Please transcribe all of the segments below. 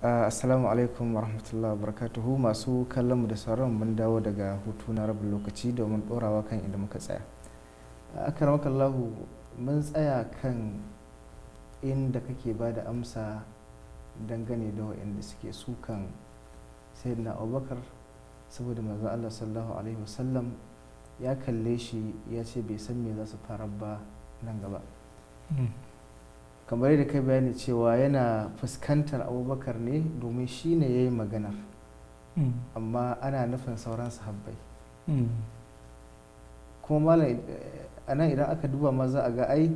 Uh, assalamu alaikum warahmatullahi wabarakatuhu masu kallon kallonmu da sauran mun dawo daga hutu na rabin lokaci domin ɗorawa kan inda muka tsaya uh, a lahu mun tsaya kan inda kake ba da amsa dangane da waɗanda suke sukan sayyidina abubakar saboda maza Allah sallallahu alaihi wasallam ya kalle shi ya ce bai san me za su fara ba nan gaba hmm. kamar yadda kai bayani cewa yana fuskantar abubakar ne domin shi ne ya yi maganar hmm. amma ana nufin sauran sahabbai hmm. kuma malam eh, nan idan aka duba ma za a ga ai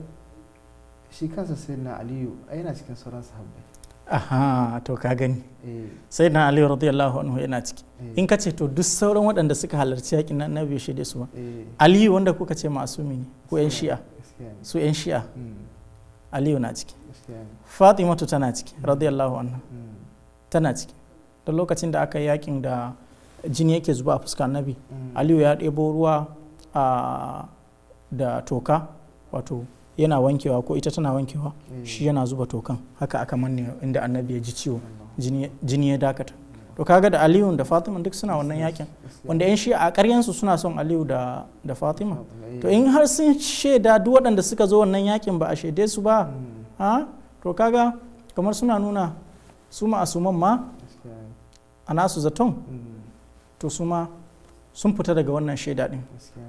shi kansa sai na aliyu ai yana cikin sauran sahabbai aha to ka gani eh. sai na aliyu radiyallahu anhu yana ciki eh. in ka ce to duk sauran waɗanda suka halarci yakin na biyu shi da su ba aliyu wanda kuka ce masu ne ko yan shi'a su yan shi'a hmm. aliyu na ciki fatimatu tana ciki mm. radiyallahu anha mm. tana ciki da lokacin da aka yi yakin da jini yake zuba a fuska annabi mm. aliyu ya ɗebo ruwa da toka wato yana wankewa ko ita tana wankewa shi yana zuba tokan haka aka manne inda annabi ya ji ciwo jini ya dakata to kaga da aliyu da fatima duk suna wannan yakin wanda yan shi'a a ƙaryansu suna son aliyu da, fatima to in har sun shaida duk waɗanda suka zo wannan yakin ba a shaide su ba ha to kaga kamar suna nuna su ma a nasu zaton to su ma sun fita daga wannan shaida din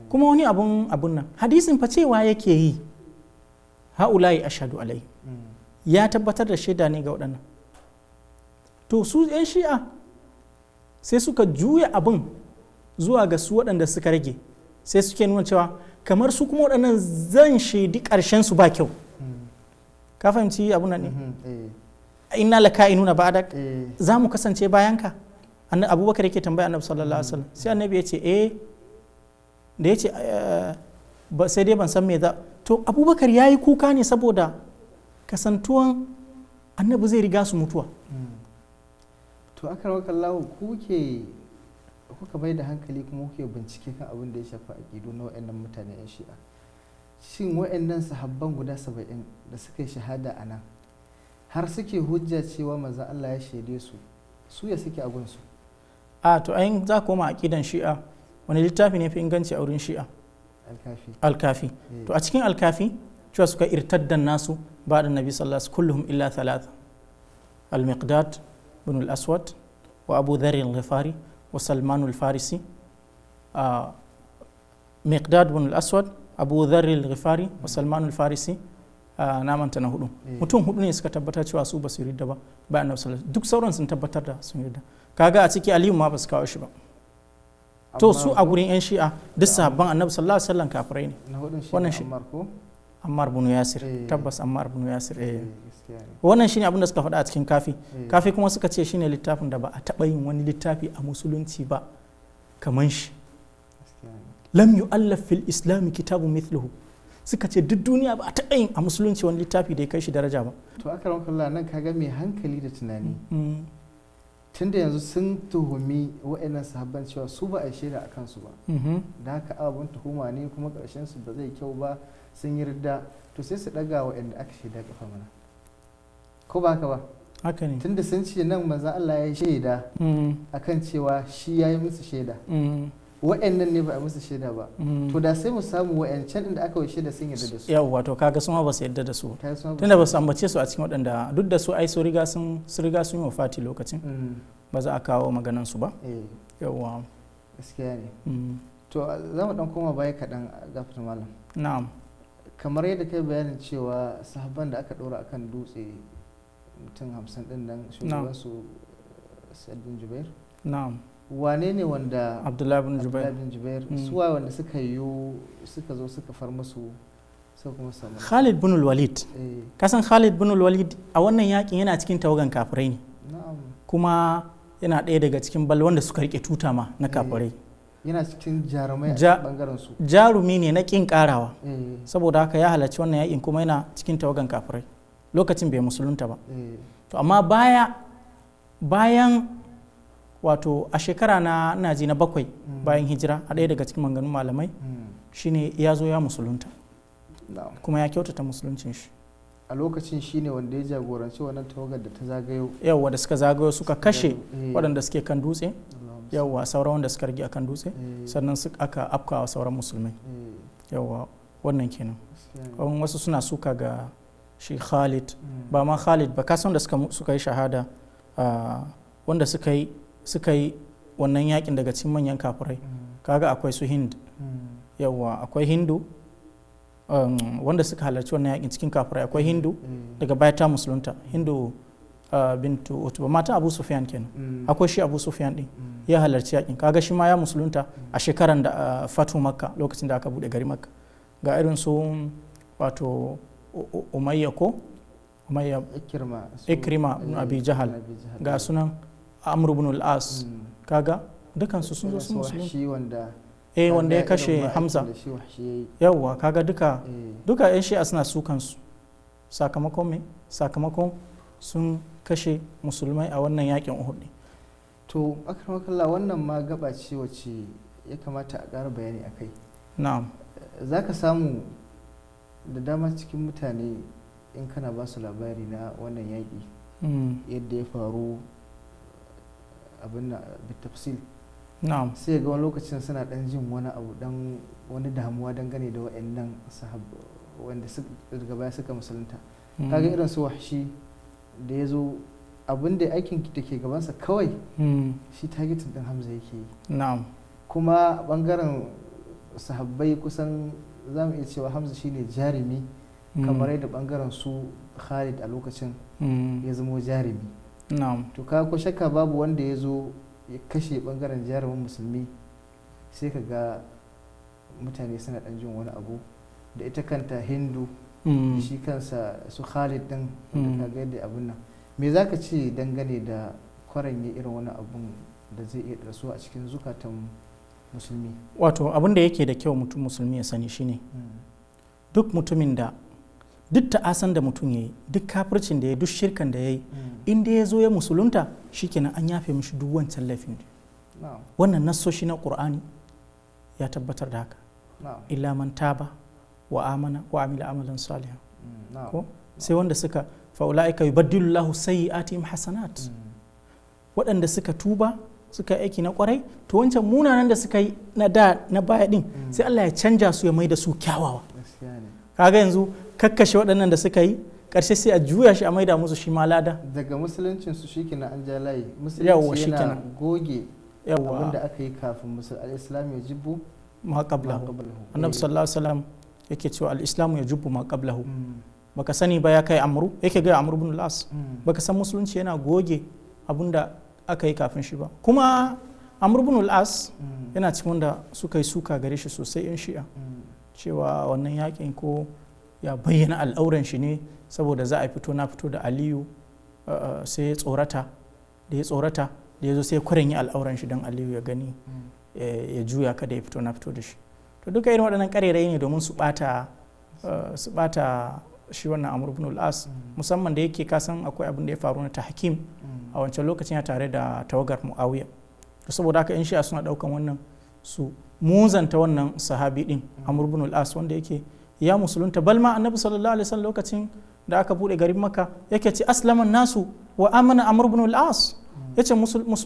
kuma wani abun abun nan hadisin fa cewa yake yi ha'ulayi ashadu alai ya tabbatar da shaida ne ga waɗannan to su 'yan shi'a sai suka juya abin zuwa ga su waɗanda suka rage sai suke nuna cewa kamar su kuma waɗannan zan shaidi ƙarshen su ba kyau ka fahimci abu nan ne mm-hmm. eh. inna laka inuna ba'dak eh. za mu kasance bayan ka annabi abubakar yake tambaya annabi sallallahu alaihi wasallam sai annabi ya ce eh da ya ce eh, sai dai ban san me za to abubakar ya yi kuka ne saboda kasantuwan annabi zai riga su mutuwa mm. to aka raka lawo kuke kuka mai da hankali kuma kuke bincike kan abin da ya a aƙidu na wa'annan mutane 'yan shi'a shin wa'annan sahabban guda saba'in da suka yi shahada a nan har suke hujja cewa maza Allah ya shaide su su ya suke su a to ayin za koma kidan shi'a wani littafi ne fi inganci a wurin shi'a alkafi eh. to a cikin alkafi cewa suka irtaddan nasu ba da nabi sallallahu alaihi wasallam kulluhum illa thalatha al-miqdad bin al-aswad wa abu dhar al-ghifari wa salman al-farisi miqdad bin al abu dhar al wa salman al-farisi na manta mutum hudu ne suka tabbatar cewa su ba su ridda ba ba annabi sallallahu duk sauran sun tabbatar da sun ridda kaga a ciki aliyu ma ba kawo shi ba to su a gurin yan shi'a duk sabban annabi sallallahu alaihi wasallam kafirai ne wannan shi ammar bin yasir eh. tabbas ammar bin yasir eh. Eh, wannan shine abin da suka faɗa a cikin kafi kafi kuma suka ce shine littafin da ba a taɓa yin wani littafi a musulunci ba kaman shi lam yu'allaf fil islam kitabun mithluhu suka ce duk duniya ba a taɓa yin a musulunci wani littafi da ya kai shi daraja ba to aka ramkalla nan kaga mai hankali da tunani mm. tunda yanzu sun tuhumi wa'annan sahabban cewa su ba a shaida a kansu ba mm-hmm. da haka abin tuhuma ne kuma karshen su ba zai kyau ba sun yi ridda to sai su daga wa inda aka shaida kafa mana ko ba ka ba haka ne tunda sun ce nan maza Allah ya shaida mm-hmm. A kan cewa shi ya yi musu shaida mm-hmm. wa'annan ne ba a musu shaida ba mm-hmm. to da sai mu samu wa'ancan inda aka yi shaida sun yadda da su yawwa to kaga su ma ba su yadda da su tunda ba su ambace su a cikin waɗanda duk da su ai su riga sun su riga sun yi wafati lokacin ba za a kawo maganan su ba eh. yawwa gaskiya ne to za mu dan koma baya kaɗan a gafata malam na'am kamar yadda kai bayanin cewa sahabban da aka ɗora akan dutse mutum hamsin din nan shugabansu eh, sadin jubair na'am wane ne wanda abdullahi bin jubair abdullahi jubair mm. suwa wanda suka yi suka zo suka far musu Khalid bin Walid eh. kasan Khalid bin Walid a wannan yakin yana cikin tawagan kafirai ne kuma yana ɗaya daga cikin bal wanda suka rike tuta ma na eh. kafirai yana cikin jarumai a bangaren su jarumi ne na kin karawa eh. saboda haka ya halarci wannan yakin kuma yana cikin tawagan kafirai lokacin bai musulunta ba eh. to amma baya bayan wato a shekara na naji na bakwai hmm. bayan hijira a ɗaya daga cikin manganun malamai hmm. shine ya zo ya musulunta kuma ya kyautata musuluncin shi a lokacin shine wanda ya jagoranci wannan tawagar da ta zagayo yawa da suka zagayo suka kashe eh. waɗanda suke kan dutse yawwa sauran wanda suka rage akan dutse mm. sannan aka wa sauran musulmai mm. yawwa wannan kenan wasu suna suka ga shi khalid mm. ba ma khalid ba kasan da suka yi shahada ah, wanda suka yi suka yi wannan yakin daga cikin manyan kafirai kaga akwai su hind yawa akwai hindu um, wanda suka halarci wannan yakin cikin kafirai akwai hindu daga baya ta musulunta hindu Uh, bintu utuba mata abu sufyan kenan mm. akwai shi abu sufyan din mm. ya halarci yakin kaga shi ma ya musulunta mm. a shekaran da uh, fatu makka lokacin da aka bude gari makka ga irin su wato umayya ko umayya ikrima ibn abi jahal ga sunan amr ibn al-as kaga dukansu sun zo sun musulunta eh wanda ya kashe hamza yawwa kaga duka eh. duka yan shi'a suna su kansu sakamakon me sakamakon sun kashe musulmai a wannan yakin uhud ne to akramakallah wannan ma gaba ce wacce ya kamata a ƙara bayani a kai na'am za ka samu da dama cikin mutane in kana ba su labari na wannan yaƙi mm. yadda ya faru abin da tafsil sai ga wani lokacin suna ɗan jin wani abu dan wani damuwa dangane da wa'annan sahab wanda daga suka musulunta kaga mm. irin su wahshi da ya zo abin aikin da ke gabansa kawai hmm. shi targetin din hamza yake yi kuma bangaren sahabbai kusan za mu iya cewa hamza shi ne jarumi hmm. kamar yadda bangaren su khalid a lokacin hmm. ya zamo jarumi to ka ko shakka babu wanda ya zo ya kashe bangaren jarumin musulmi sai ka ga mutane suna ɗan jin wani abu da ita kanta hindu Mm. shi kansa su khalid din mm. da ka da abin nan me za ka ce dangane da kwaran ya irin wani abun da zai iya rasuwa a cikin zukatan musulmi wato abin da yake da kyau mutum musulmi ya sani shine mm. duk mutumin da duk ta'asan da mutum ya yi duk kafircin da ya duk shirkan da ya yi inda ya zo ya musulunta shikenan an yafe mishi duk wancan laifin wannan nasoshi na qur'ani ya tabbatar da haka illa man taba wa amana wa amila amalan salihan mm, ko sai wanda suka faula'ika yubaddilu Allahu sayyi'atihim hasanat mm. waɗanda suka tuba suka aiki na kwarai to wancan munanan da suka yi na da na baya din mm. sai Allah ya canja su ya mai da su kyawawa kaga yanzu kakkashe waɗannan da suka yi karshe sai a juya shi a maida musu shi ma lada daga musuluncin su shikenan an ja musulunci musulunci yana goge abin da aka yi kafin musul al-islam ya jibu ma qablahu annabi eh. sallallahu alaihi wasallam yake cewa al ya jubu ma qablahu hmm. baka sani ba ya kai amru yake gaya amru ibn las hmm. baka san musulunci yana goge abinda aka yi kafin shi ba kuma amru ibn las hmm. yana cikin wanda suka yi suka gare shi sosai yan shi'a cewa wannan yakin ko ya bayyana al'auran shi ne saboda za a fito na fito da aliyu uh, uh, sai ya tsorata da ya tsorata da ya zo sai kwarin yi al'auran shi don aliyu ya gani eh, ya juya kada ya fito na fito da shi to duka irin waɗannan ƙarerai ne domin su ɓata eh, shi wannan amur ibn al mm. musamman da yake kasan akwai abin da ya faru na ta hakim mm. a wancan lokacin ya tare da tawagar muawiya to saboda haka in shi suna ɗaukan wannan su muzanta wannan sahabi din mm. amur ibn al-as wanda yake ya musulunta balma annabi sallallahu alaihi wasallam lokacin da aka bude garin makka yake ce aslaman nasu wa amana amr ibn al-as yace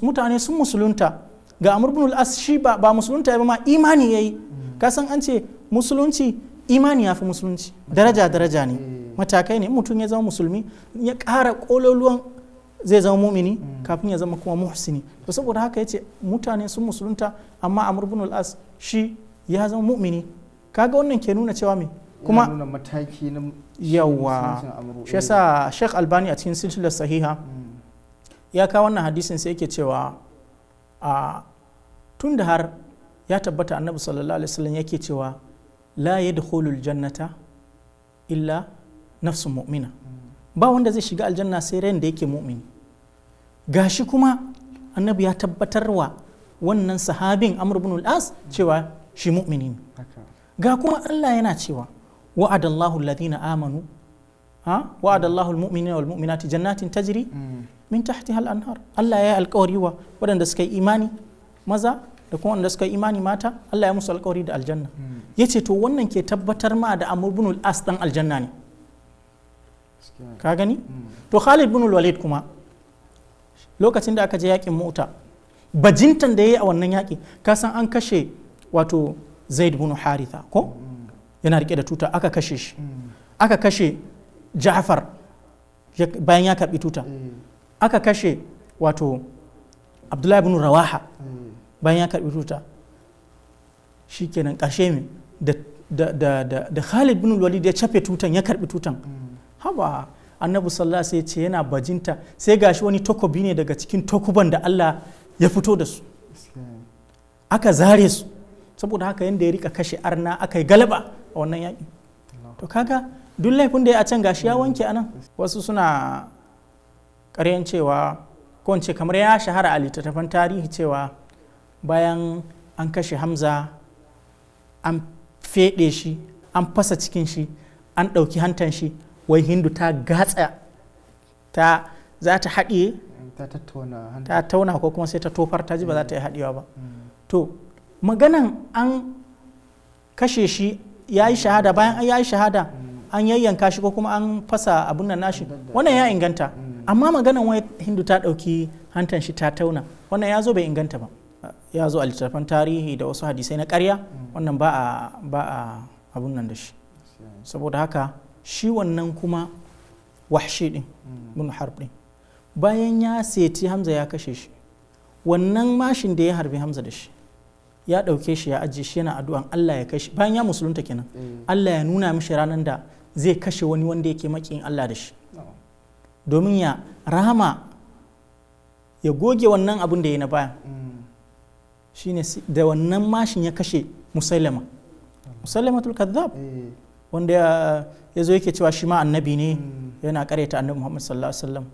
mutane sun musulunta ga amr ibn al shi ba musulunta ba ma imani yayi ka san an ce musulunci imani ya fi musulunci daraja daraja ne mm. matakai ne mutum ya zama musulmi ya kara ƙololuwan zai zama mumini mm. kafin ya zama kuma muhsini to saboda haka yace mutane sun musulunta amma amr ibn al-as shi ya zama mumini kaga wannan ke nuna cewa me kuma mataki na yawa shi yasa Sheikh Albani a cikin silsilar sahiha mm. ya kawo wannan hadisin sai yake cewa a ah, tun har ya tabbata annabi sallallahu alaihi wasallam yake cewa la yadkhulul jannata illa nafsun mu'mina ba wanda zai shiga aljanna sai ran da yake mu'mini gashi kuma annabi ya tabbatarwa wannan sahabin amr ibn al-as cewa shi mu'mini ga kuma Allah yana cewa wa'adallahu alladhina amanu ha wa'adallahu al-mu'minina wal mu'minati jannatin tajri mm. min tahtiha al-anhar Allah ya yi alƙawari wa waɗanda suka yi imani maza da kuma wanda suka imani mata Allah ya musu alkawari da aljanna hmm. ya ce to wannan ke tabbatar ma da amur bin as dan aljanna ne ka gani hmm. to khalid bin walid kuma lokacin da aka je yakin mota bajintan da ya yi a wannan yaƙi ka san an kashe wato zaid bin haritha ko hmm. yana rike da tuta aka kashe shi aka kashe ja'far bayan ya karbi tuta eh. aka kashe wato abdullahi bin rawaha eh. bayan ya karbi tuta shikenan ƙarshe min da Khalid bin Walid ya cafe tutan ya karbi tutan mm. haba annabi sallallahu alaihi ce yana bajinta sai gashi wani takobi ne daga cikin takuban da Allah ya fito da su aka zare su saboda haka yanda ya rika kashe arna aka yi galaba a wannan yaƙi to kaga duk laifin da ya a can gashi ya mm. wanke anan wasu suna ƙaryan cewa ko kamar ya shahara a littattafan tarihi cewa bayan an kashe hamza an feɗe shi an fasa cikin shi an ɗauki hantan shi wai hindu ta gatsa ta za ta haɗiye ta tauna ko kuma sai ta tofar ta ji ba za ta yi haɗewa ba mm. to maganan an kashe shi ya yi shahada bayan ya yi shahada mm. an yayyanka shi ko kuma an fasa abun nan nashi wannan ya inganta mm. amma maganan wai hindu ta ɗauki hantan shi ta tauna wannan ya zo bai inganta ba ya zo a littattafan tarihi da wasu hadisai na karya mm. wannan ba a abun nan da shi saboda haka shi wannan kuma wahshi din mm. bin harb bayan ya seti hamza ya kashe shi wannan mashin da ya harbi hamza da shi ya ɗauke shi ya ajiye shi yana addu'an Allah ya kashe bayan ya musulunta kenan mm. Allah ya nuna mishi ranar da zai kashe wani wanda yake makin Allah da shi domin ya rahama ya goge wannan abun da ya na bayan shine da wannan mashin ya kashe musailama musailamatul kadhab eh. wanda ya zo yake cewa shi ma annabi ne hmm. yana kareta annabi muhammad sallallahu alaihi wasallam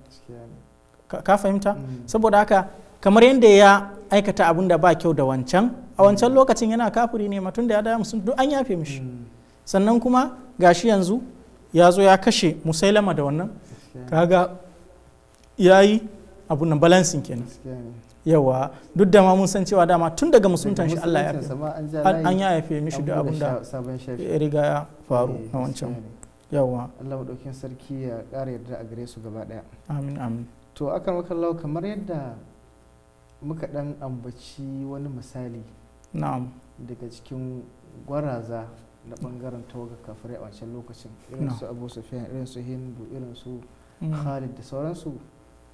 ka fahimta hmm. saboda haka kamar yadda ya aikata abun da ba kyau da wancan a wancan hmm. lokacin yana kafuri ne matun da ya daya musulmi duk an yafe mishi sannan kuma gashi yanzu ya zo ya kashe musailama da wannan kaga ya abun nan balansin kenan yawa duk da ma mun san cewa dama tun daga musuluntan shi Allah ya an ya yafe mishi da abin da ya riga ya faru na eh, wancan yawa Allah madaukin sarki ya ƙara yarda a gare su gaba daya amin amin to akan wakallau kamar yadda muka dan ambaci wani misali na'am daga cikin gwaraza na bangaren tawaga kafirai a wancan lokacin irin su Abu Sufyan irin su Hindu irin su mm. Khalid da sauransu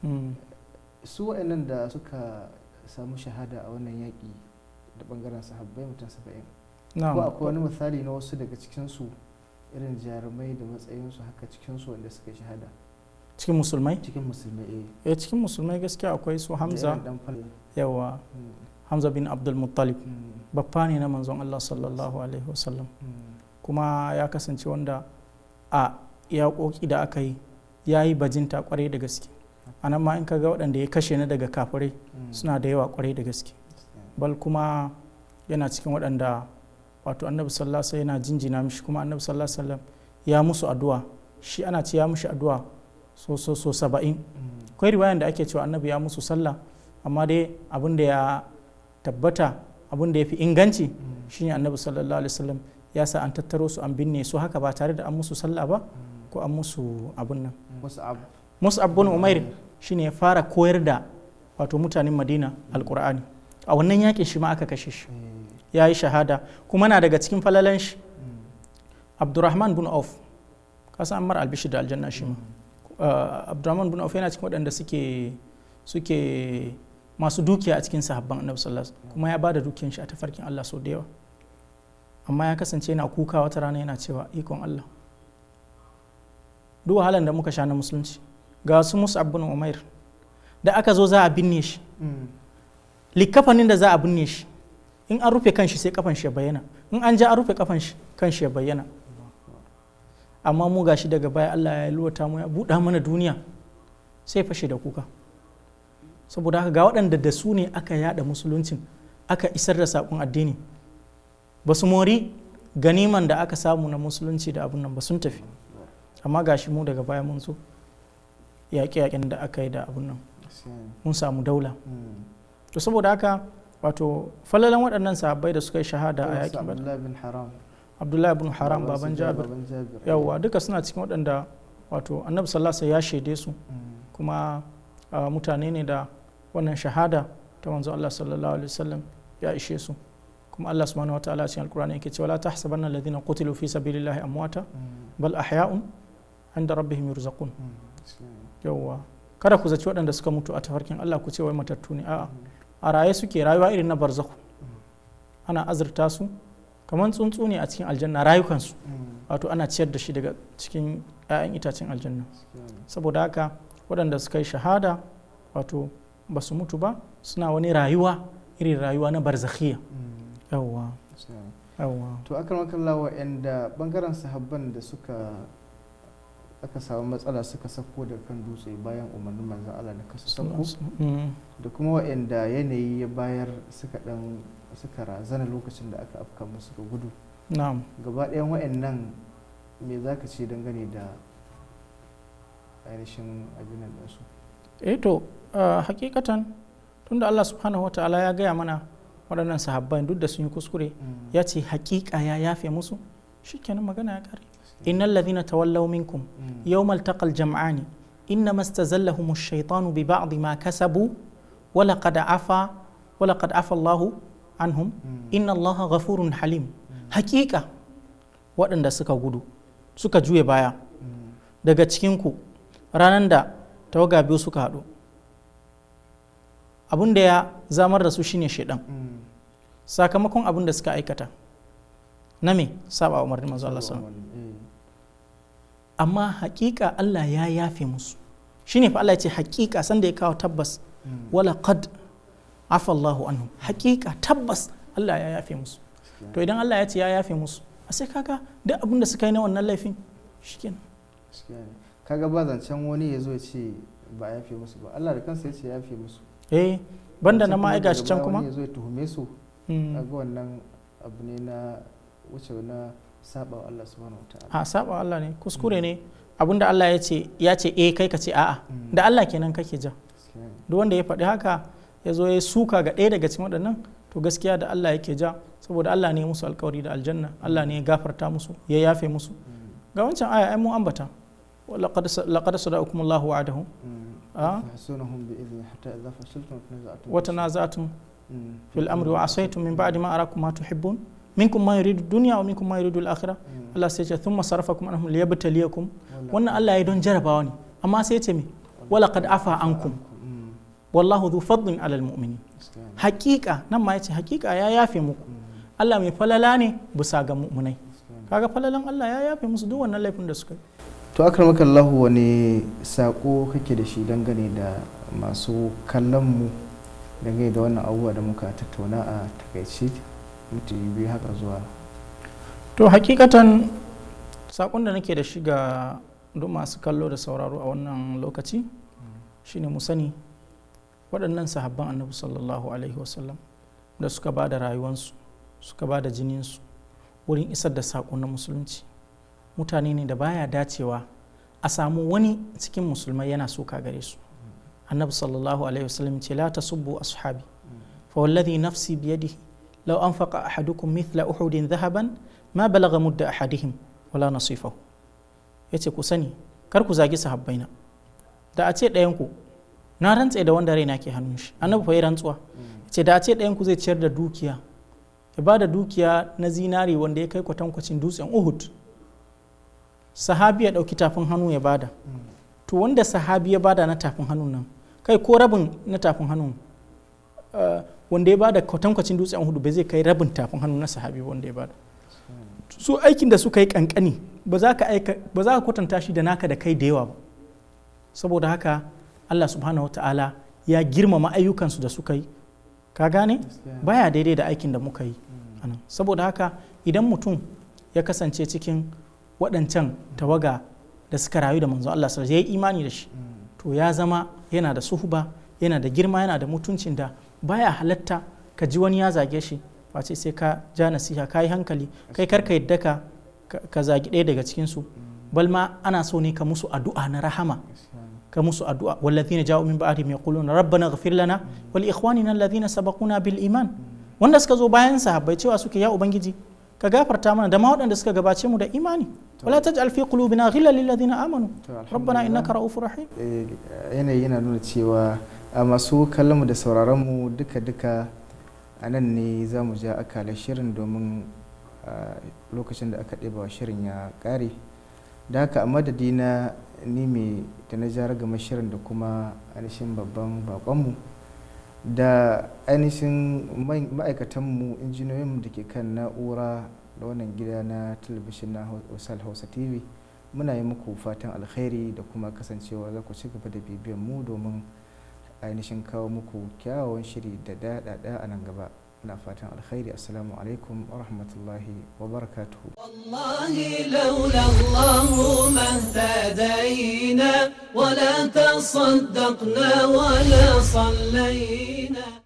mm. su wa'annan da suka samu shahada a wannan yaƙi da ɓangaren sahabbai mutum saba'in ko akwai wani misali na wasu daga cikinsu irin jarumai da matsayinsu haka cikinsu wanda suka shahada cikin musulmai cikin musulmai eh, eh cikin musulmai gaskiya akwai su hamza yawa hmm. hamza bin abdul muttalib hmm. babba ne na manzon allah sallallahu alaihi wasallam hmm. kuma ya kasance wanda a yaƙoƙi da aka yi ya yi bajinta kwarai da gaske anan ma in ka ga waɗanda ya kashe na daga kafirai hmm. suna da yawa kwarai da gaske bal kuma yana cikin waɗanda wato annabi sallallahu yana jinjina mishi kuma annabi sallallahu alaihi ya musu addu'a shi ana ce ya mishi addu'a so so so saba'in hmm. akwai riwayan da ake cewa annabi ya musu sallah amma dai abin da ya tabbata abin da ya fi inganci hmm. shine annabi sallallahu alaihi wasallam ya sa an tattaro su an binne su haka ba tare da an musu sallah ba ko an musu abun nan mus'ab bin umair shine ya fara koyar da wato mutanen madina qurani a wannan yakin shi ma aka kashe shi hmm. ya yi shahada kuma na daga cikin falalan shi hmm. abdurrahman bin auf kasan ammar Al-Bishr da aljanna shi ma hmm. uh, abdurrahman bin auf yana cikin waɗanda suke suke masu dukiya a cikin sahabban annabi sallallahu alaihi kuma ya bada dukiyan shi a tafarkin Allah so da yawa amma ya kasance yana kuka wata rana yana cewa ikon Allah duk wahalan da muka sha na musulunci ga su musu abin umair da aka zo za a binne shi likafanin da za a binne shi in an rufe kanshi sai kafan shi ya bayyana in an ja an rufe kafan shi kanshi ya bayyana amma mu gashi daga baya Allah ya luwata mu ya buɗa mana duniya sai fashe da kuka saboda haka ga waɗanda da su ne aka yada musuluncin aka isar da saƙon addini ba su mori ganiman da aka samu na musulunci da abun nan ba sun tafi amma gashi mu daga baya mun zo yaƙe-yaƙen da aka yi da abun nan mun samu daula hmm. to saboda haka wato falalan waɗannan sahabbai da suka yi shahada a yaƙi abdullahi bin haram baban jabir yawwa duka suna cikin waɗanda wato annabi sallasa ya shaide su hmm. kuma mutane ne da wannan shahada ta manzo Allah sallallahu alaihi wasallam ya ishe su kuma Allah subhanahu wataala cikin alkur'ani yake cewa la tahsabanna alladhina qutilu fi sabilillahi amwata hmm. bal ahya'un inda rabbihim yurzaqun yawwa kada ku zaci waɗanda suka mutu a tafarkin Allah ku ce wai matattu ne a'a a raye suke rayuwa irin na barzaku ana azurta su kamar tsuntsu ne a cikin aljanna rayukansu wato ana ciyar da shi daga cikin 'ya'yan itacen aljanna saboda haka waɗanda suka yi shahada wato ba su mutu ba suna wani rayuwa irin rayuwa na barzakhiya yawwa yawwa to akan lawa wa'anda bangaren sahabban da suka aka samu matsala suka sako da kan dutse bayan umarnin manzan Allah da kasu sako mm. da kuma waɗanda yanayi ya bayar suka dan suka razana lokacin da aka afka musu ga gudu gaba ɗayan waɗannan me za ka ce dangane da ainihin abinan ɗansu eh to hakikatan da Allah subhanahu wataala ya gaya mana waɗannan sahabban duk da sun yi kuskure mm. ya ce hakika ya yafe musu shikenan magana ya kare innal ladhina tawallaw minkum yawmal taqal jam'ani innama istazallahum ash-shaytanu bi ba'd ma kasabu wa laqad afa wa laqad afa Allahu anhum inna Allaha ghafurun halim hakika waɗanda suka gudu suka juya baya daga cikinku ranar da tawaga biyu suka haɗu abin da ya zamar da su shine shaidan sakamakon abin da suka aikata na me saba umarnin manzo Allah sallallahu amma hakika Allah ya yafe musu shine fa Allah ya ce hakika sanda ya kawo tabbas hmm. wala qad afa Allahu anhu hmm. hakika tabbas Allah ya yafe musu to idan Allah ya ce ya yafe musu a sai kaga duk abin da suka yi na wannan laifin shikenan kaga ba zancen wani ya zo ce ba ya yafe musu ba Allah da kansa ya ce ya yafe musu eh banda na ma'aika shi can kuma ya zo ya tuhume su hmm. kaga wannan abu ne na wuce na saba Allah subhanahu wataala a saba Allah ne kuskure ne abinda Allah ya ce ya ce eh kai ka ce a'a mm. da Allah kenan kake ja duk wanda ya faɗi haka ya zo ya suka ga ɗaya daga cikin waɗannan to gaskiya da Allah yake ja saboda Allah ne musu alƙawari da aljanna Allah ne ya gafarta musu ya yafe musu mm. ga wancan aya ai mu ambata laqad sadaqakum Allahu wa'adahu mm. ah? wa tanaza'tum fil amri wa asaytum min ba'di ma arakum ma tuhibbun minkum ma yuridu duniya wa minkum ma yuridu al-akhirah hmm. Allah sai ya ce thumma sarafakum anhum liyabtaliyakum wannan Allah ya don jarabawa ne amma sai ce me wala qad afa ankum hmm. wallahu dhu fadlin alal mu'minin hakika nan ma ya ce hakika ya yafe muku hmm. Allah mai falala ne bisa ga mu'minai kaga falalan Allah ya yafe musu duk wannan laifin da suka yi to akramaka Allah wani sako kake da shi dangane da masu kallon mu dangane da wannan abubuwa da muka tattauna a takaici. minti biyu haka zuwa to hakikatan sakon da nake da shi ga duk masu kallo da sauraro a wannan lokaci shine mu sani waɗannan sahabban annabi sallallahu alaihi wasallam da suka ba da rayuwansu suka ba da jininsu wurin isar da saƙo na musulunci mutane ne da baya dacewa a samu wani cikin musulmai yana soka gare su annabi sallallahu alaihi wasallam ce la tasubbu ashabi fa wallazi nafsi biyadihi لو أنفق أحدكم مثل أحد ذهبا ما بلغ مد أحدهم wala نصيفه yace ku sani kar ku zagi sahabbaina da a ce ku na rantse da wanda raina ke hannun shi annabi fa yi rantsuwa yace da a ce ku zai ciyar da dukiya ya ba da dukiya na zinari wanda ya kai kwatankwacin dutsen uhud sahabi ya ɗauki tafin hannu ya bada to wanda sahabi ya bada na tafin hannun nan kai ko rabin na tafin hannun eh, wanda ya bada kwatankwacin dutsen hudu bai zai kai rabin tafin hannu na sahabi wanda ya bada su aikin da suka yi kankani ba za ka kwatanta shi da naka da kai da yawa ba saboda haka Allah subhanahu ta'ala ya girmama ayyukansu da suka yi ka gane baya daidai da aikin da muka yi saboda haka idan mutum ya kasance cikin waɗancan tawaga da suka rayu da manzo Allah ya yi imani da shi to ya zama yana da suhuba yana da girma yana da mutuncin da baya halatta ka ji wani ya zage shi face sai ka ja nasiha ka yi hankali kai kar ka yadda ka ka zagi ɗaya daga cikin su bal ma ana so ne ka musu addu'a na rahama ka musu addu'a wallazina ja'u min ba'dihim yaquluna rabbana ighfir lana wal ikhwanina alladhina sabaquna bil iman wanda suka zo bayan sahabbai cewa suke ya ubangiji ka gafarta mana da ma waɗanda suka gabace mu da imani wala taj'al fi qulubina ghillan lil ladina amanu rabbana innaka ra'ufur rahim eh, yanayi yana nuna cewa a masu kallonmu da sauraronmu duka-duka a nan ne za mu ja akalar shirin domin lokacin da aka ɗeba wa shirin ya ƙare da haka a madadina ni mai da na ja gama shirin da kuma ainihin babban bakonmu da ainihin ma'aikatanmu injiniyoyinmu da ke kan na'ura da wannan gida na talabishin na hausa tv muna yi muku fatan alkhairi da kuma kasancewa za ku ci gaba da bibiyan mu domin ainihin kawo muku kyawawan shiri da daɗaɗa a nan gaba ina fatan alkhairi assalamu alaikum wa rahmatullahi wa barakatuhu wallahi laula Allah ma hadaina wa la tasaddaqna wa la sallaina